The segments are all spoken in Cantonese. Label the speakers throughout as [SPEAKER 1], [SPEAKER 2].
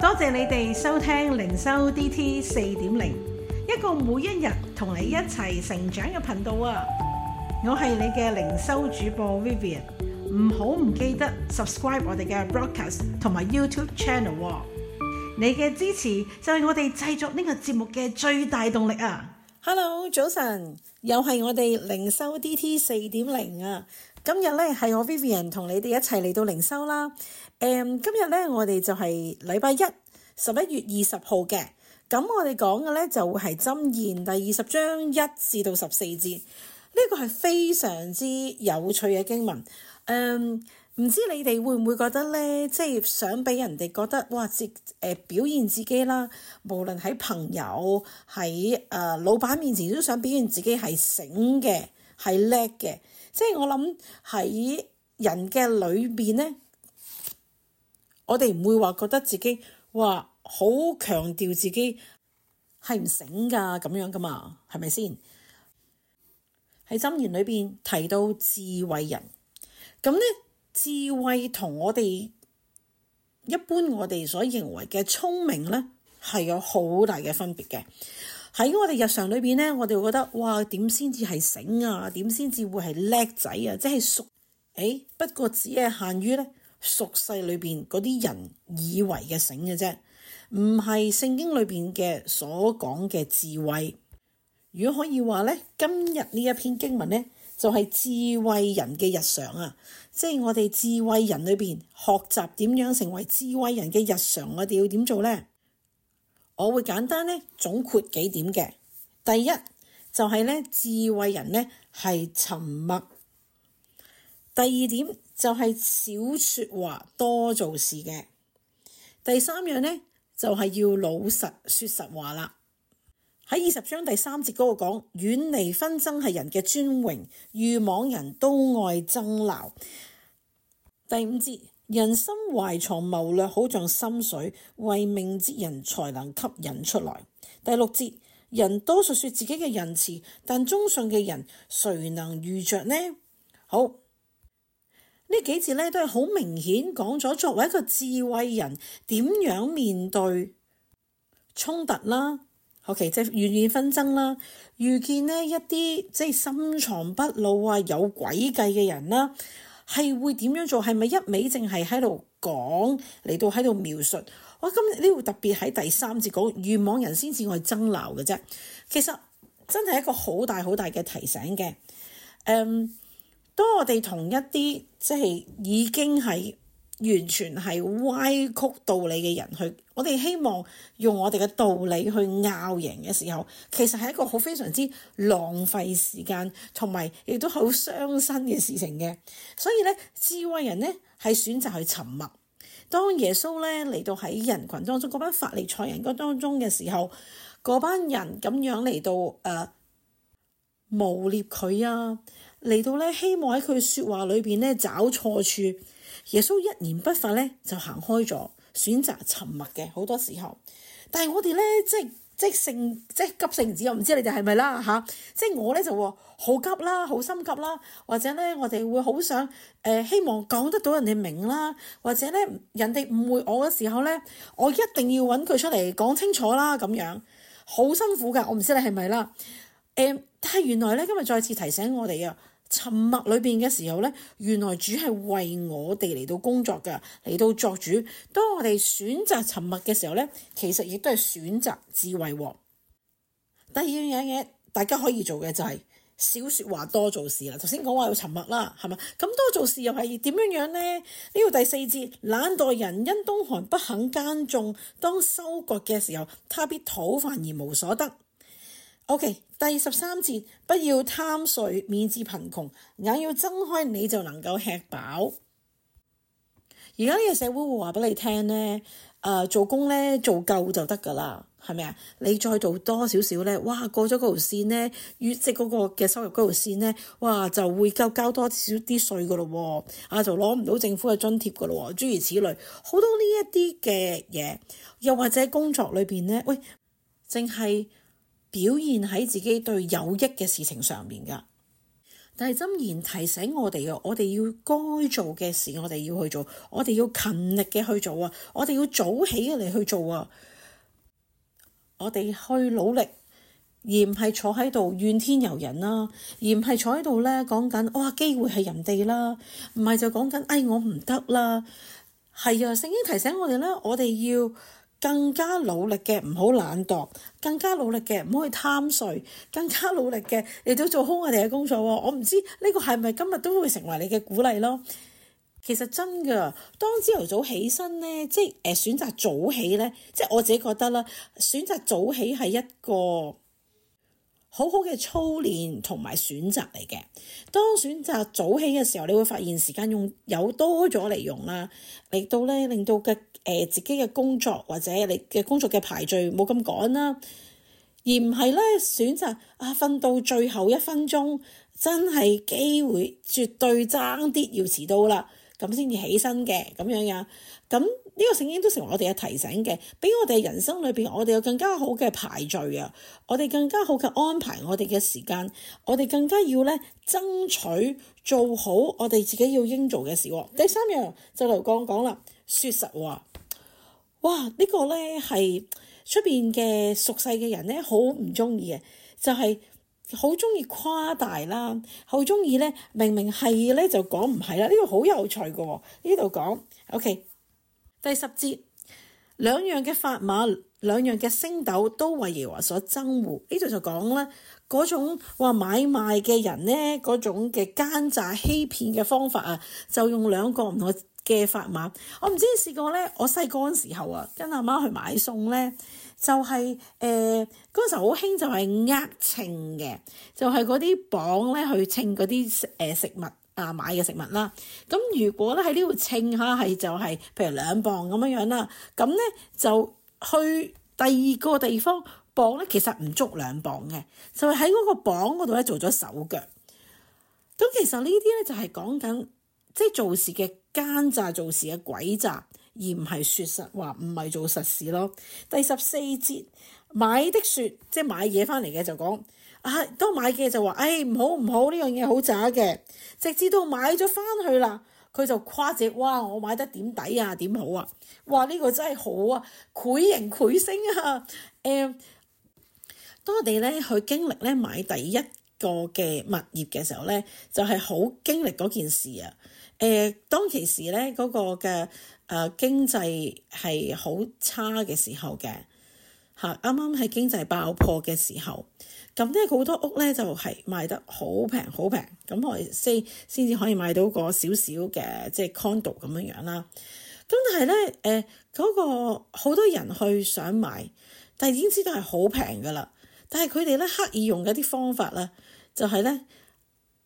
[SPEAKER 1] 多謝你哋收聽靈修 DT 四點零，一個每一日同你一齊成長嘅頻道啊！我係你嘅靈修主播 Vivian，唔好唔記得 subscribe 我哋嘅 broadcast 同埋 YouTube channel。你嘅支持就係我哋製作呢個節目嘅最大動力啊！Hello，早晨，又係我哋靈修 DT 四點零啊！今日咧係我 Vivian 同你哋一齊嚟到靈修啦。誒、嗯，今日咧我哋就係禮拜一，十一月二十號嘅。咁、嗯、我哋講嘅咧就會係箴言第二十章一至到十四節。呢、這個係非常之有趣嘅經文。誒、嗯，唔知你哋會唔會覺得咧，即係想俾人哋覺得哇，自、呃、誒表現自己啦。無論喺朋友喺誒、呃、老闆面前都想表現自己係醒嘅，係叻嘅。即係我諗喺人嘅裏邊咧，我哋唔會話覺得自己話好強調自己係唔醒噶咁樣噶嘛，係咪先？喺《箴言》裏邊提到智慧人，咁咧智慧同我哋一般我哋所認為嘅聰明咧係有好大嘅分別嘅。喺我哋日常裏邊咧，我哋會覺得哇，點先至係醒啊？點先至會係叻仔啊？即係熟誒、哎，不過只係限於咧俗世裏邊嗰啲人以爲嘅醒嘅啫，唔係聖經裏邊嘅所講嘅智慧。如果可以話咧，今日呢一篇經文咧，就係、是、智慧人嘅日常啊！即係我哋智慧人裏邊學習點樣成爲智慧人嘅日常，我哋要點做咧？我會簡單咧總括幾點嘅，第一就係、是、咧智慧人咧係沉默，第二點就係少說話多做事嘅，第三樣咧就係要老實說實話啦。喺二十章第三節嗰度講，遠離紛爭係人嘅尊榮，愚妄人都愛爭鬧。第五節。人心懷藏謀略，好像深水；惟明哲人，才能汲引出來。第六節，人多述說自己嘅仁慈，但忠信嘅人，誰能遇着呢？好，幾節呢幾節咧都係好明顯講咗，作為一個智慧人，點樣面對衝突啦？OK，即係怨怨紛爭啦，遇見呢一啲即係深藏不露啊，有詭計嘅人啦。係會點樣做？係咪一味淨係喺度講嚟到喺度描述？我今日呢度特別喺第三節講，愚妄人先至愛爭鬧嘅啫。其實真係一個好大好大嘅提醒嘅。誒、嗯，當我哋同一啲即係已經喺完全係歪曲道理嘅人去，我哋希望用我哋嘅道理去拗贏嘅時候，其實係一個好非常之浪費時間，同埋亦都好傷身嘅事情嘅。所以咧，智慧人咧係選擇去沉默。當耶穌咧嚟到喺人群當中，嗰班法利賽人嗰當中嘅時候，嗰班人咁樣嚟到誒污蔑佢啊！嚟到咧，希望喺佢說話裏邊咧找錯處。耶穌一言不發咧，就行開咗，選擇沉默嘅好多時候。但係我哋咧，即係即性即，即，即急性子，我唔知你哋係咪啦吓。即係我咧就好急啦，好心急啦，或者咧我哋會好想誒、呃，希望講得到人哋明啦，或者咧人哋誤會我嘅時候咧，我一定要揾佢出嚟講清楚啦咁樣，好辛苦㗎。我唔知你係咪啦。誒、啊，但係原來咧今日再次提醒我哋啊。沉默裏邊嘅時候呢，原來主係為我哋嚟到工作嘅，嚟到作主。當我哋選擇沉默嘅時候呢，其實亦都係選擇智慧。第二樣嘢，大家可以做嘅就係、是、少說話，多做事啦。頭先講話要沉默啦，係嘛？咁多做事又係點樣樣呢？呢個第四節，懶惰人因冬寒不肯耕種，當收割嘅時候，他必討飯而無所得。O.K. 第十三節，不要貪睡，免致貧窮。眼要睜開，你就能夠吃飽。而家呢個社會會話俾你聽呢誒，做工呢，做夠就得噶啦，係咪啊？你再做多少少呢？哇，過咗嗰條線呢，月值嗰個嘅收入嗰條線呢，哇，就會夠交，交多少啲稅噶咯，啊，就攞唔到政府嘅津貼噶咯，諸如此類，好多呢一啲嘅嘢，又或者工作裏邊呢，喂，淨係。表現喺自己對有益嘅事情上面噶，但係箴言提醒我哋啊，我哋要該做嘅事，我哋要去做，我哋要勤力嘅去做啊，我哋要早起嘅嚟去做啊，我哋去努力，而唔係坐喺度怨天尤人啦，而唔係坐喺度咧講緊，哇機會係人哋啦，唔係就講緊，哎我唔得啦，係啊，聖經提醒我哋啦，我哋要。更加努力嘅唔好懶惰，更加努力嘅唔好去貪睡，更加努力嘅你都做好我哋嘅工作喎。我唔知呢個係咪今日都會成為你嘅鼓勵咯。其實真㗎，當朝頭早起身咧，即係誒選擇早起咧，即係我自己覺得啦，選擇早起係一個好好嘅操練同埋選擇嚟嘅。當選擇早起嘅時候，你會發現時間用有多咗嚟用啦，嚟到咧令到嘅。誒自己嘅工作或者你嘅工作嘅排序冇咁趕啦，而唔係咧選擇啊，瞓到最後一分鐘，真係機會絕對爭啲要遲到啦，咁先至起身嘅咁樣樣，咁、這、呢個聖經都成為我哋嘅提醒嘅，俾我哋人生裏邊，我哋有更加好嘅排序啊，我哋更加好嘅安排我哋嘅時間，我哋更加要咧爭取做好我哋自己要應做嘅事。嗯、第三樣就嚟講講啦，說實話。哇！呢個咧係出邊嘅熟悉嘅人咧，好唔中意嘅，就係好中意誇大啦，好中意咧，明明係咧就講唔係啦，呢個好有趣嘅喎。呢度講，O K，第十節，兩樣嘅法碼，兩樣嘅升斗都為耶和華所憎惡。呢度就講啦，嗰種話買賣嘅人咧，嗰種嘅奸詐欺騙嘅方法啊，就用兩個唔同。嘅砝碼，我唔知你試過咧。我細個嗰陣時候啊，跟阿媽，媽去買餸咧，就係誒嗰時候好興，就係呃秤嘅，就係嗰啲磅咧去秤嗰啲誒食物啊，買嘅食物啦。咁如果咧喺呢度秤下係就係譬如兩磅咁樣樣啦，咁咧就去第二個地方磅咧，其實唔足兩磅嘅，就係喺嗰個磅嗰度咧做咗手腳。咁其實呢啲咧就係講緊即係做事嘅。奸詐做事嘅詭詐，而唔係說實話，唔係做實事咯。第十四節買的，買的說，即係買嘢翻嚟嘅就講，唉，當買嘅就話，唉、哎、唔好唔好呢樣嘢好渣嘅，直至到買咗翻去啦，佢就誇值，哇！我買得點抵啊，點好啊，話呢、這個真係好啊，繪形繪聲啊，誒、嗯，當我哋咧去經歷咧買第一個嘅物業嘅時候咧，就係、是、好經歷嗰件事啊。誒、呃，當其時咧，嗰、那個嘅誒、啊、經濟係好差嘅時候嘅，嚇、啊，啱啱係經濟爆破嘅時候，咁咧好多屋咧就係、是、賣得好平，好平，咁我哋先先至可以買到個少少嘅即係 condo 咁樣樣啦。咁但係咧，誒、呃、嗰、那個好多人去想買，但係已經知道係好平噶啦。但係佢哋咧刻意用嘅啲方法啦，就係、是、咧，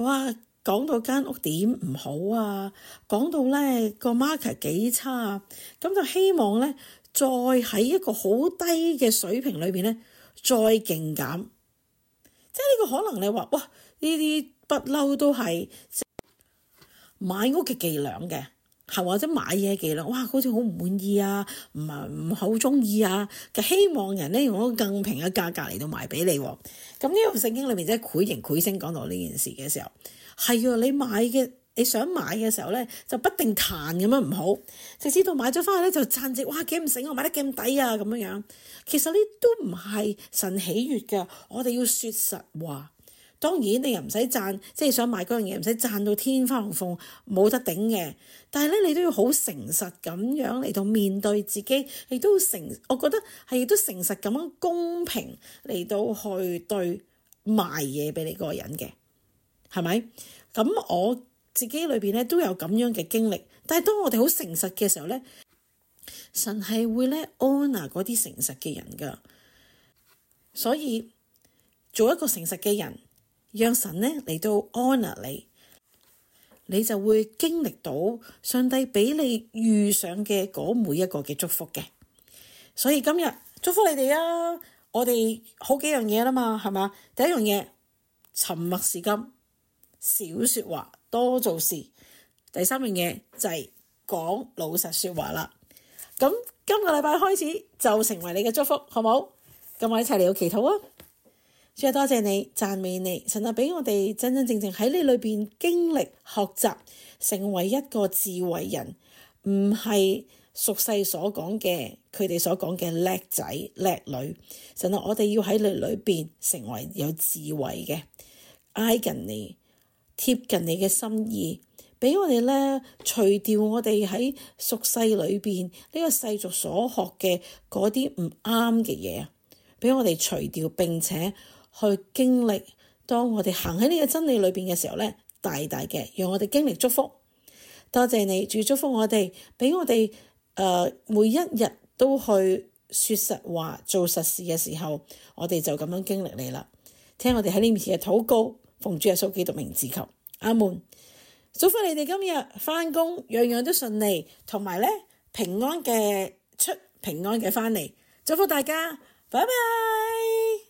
[SPEAKER 1] 哇！講到間屋點唔好啊，講到咧個 market 幾差，啊，咁就希望咧再喺一個好低嘅水平裏邊咧再勁減，即係呢個可能你話哇呢啲不嬲都係買屋嘅伎倆嘅，係或者買嘢嘅伎倆，哇好似好唔滿意啊，唔唔好中意啊，就希望人咧用一個更平嘅價格嚟到賣俾你啊。咁呢個聖經裏邊即係繪影繪聲講到呢件事嘅時候。係啊，你買嘅你想買嘅時候咧，就不定彈咁樣唔好，直至到買咗返去咧就賺錢，「哇幾唔醒？」我買得咁抵啊咁樣樣。其實呢，都唔係神喜悅嘅，我哋要說實話。當然你又唔使賺，即係想買嗰樣嘢唔使賺到天花龍鳳冇得頂嘅。但係咧你都要好誠實咁樣嚟到面對自己，亦都誠，我覺得係亦都誠實咁樣公平嚟到去對賣嘢俾你嗰個人嘅。係咪咁？我自己裏邊咧都有咁樣嘅經歷。但係當我哋好誠實嘅時候咧，神係會咧 honor 嗰啲誠實嘅人噶。所以做一個誠實嘅人，讓神咧嚟到 honor 你，你就會經歷到上帝俾你遇上嘅嗰每一個嘅祝福嘅。所以今日祝福你哋啊！我哋好幾樣嘢啦嘛，係嘛？第一樣嘢沉默是金。少說話，多做事。第三樣嘢就係講老實說話啦。咁今個禮拜開始，就成為你嘅祝福，好唔好？咁我一齊嚟到祈禱啊！主啊，多謝你，讚美你，神啊，俾我哋真真正正喺你裏邊經歷學習，成為一個智慧人，唔係俗世所講嘅佢哋所講嘅叻仔叻女。神啊，我哋要喺你裏邊成為有智慧嘅挨近你。貼近你嘅心意，俾我哋咧，除掉我哋喺俗世裏邊呢個世俗所學嘅嗰啲唔啱嘅嘢，俾我哋除掉並且去經歷。當我哋行喺呢個真理裏邊嘅時候咧，大大嘅讓我哋經歷祝福。多謝你，主祝福我哋，俾我哋誒、呃、每一日都去説實話做實事嘅時候，我哋就咁樣經歷你啦。聽我哋喺你面前嘅禱告。奉主耶穌基督名字求。阿門，祝福你哋今日返工樣樣都順利，同埋咧平安嘅出，平安嘅翻嚟，祝福大家，拜拜。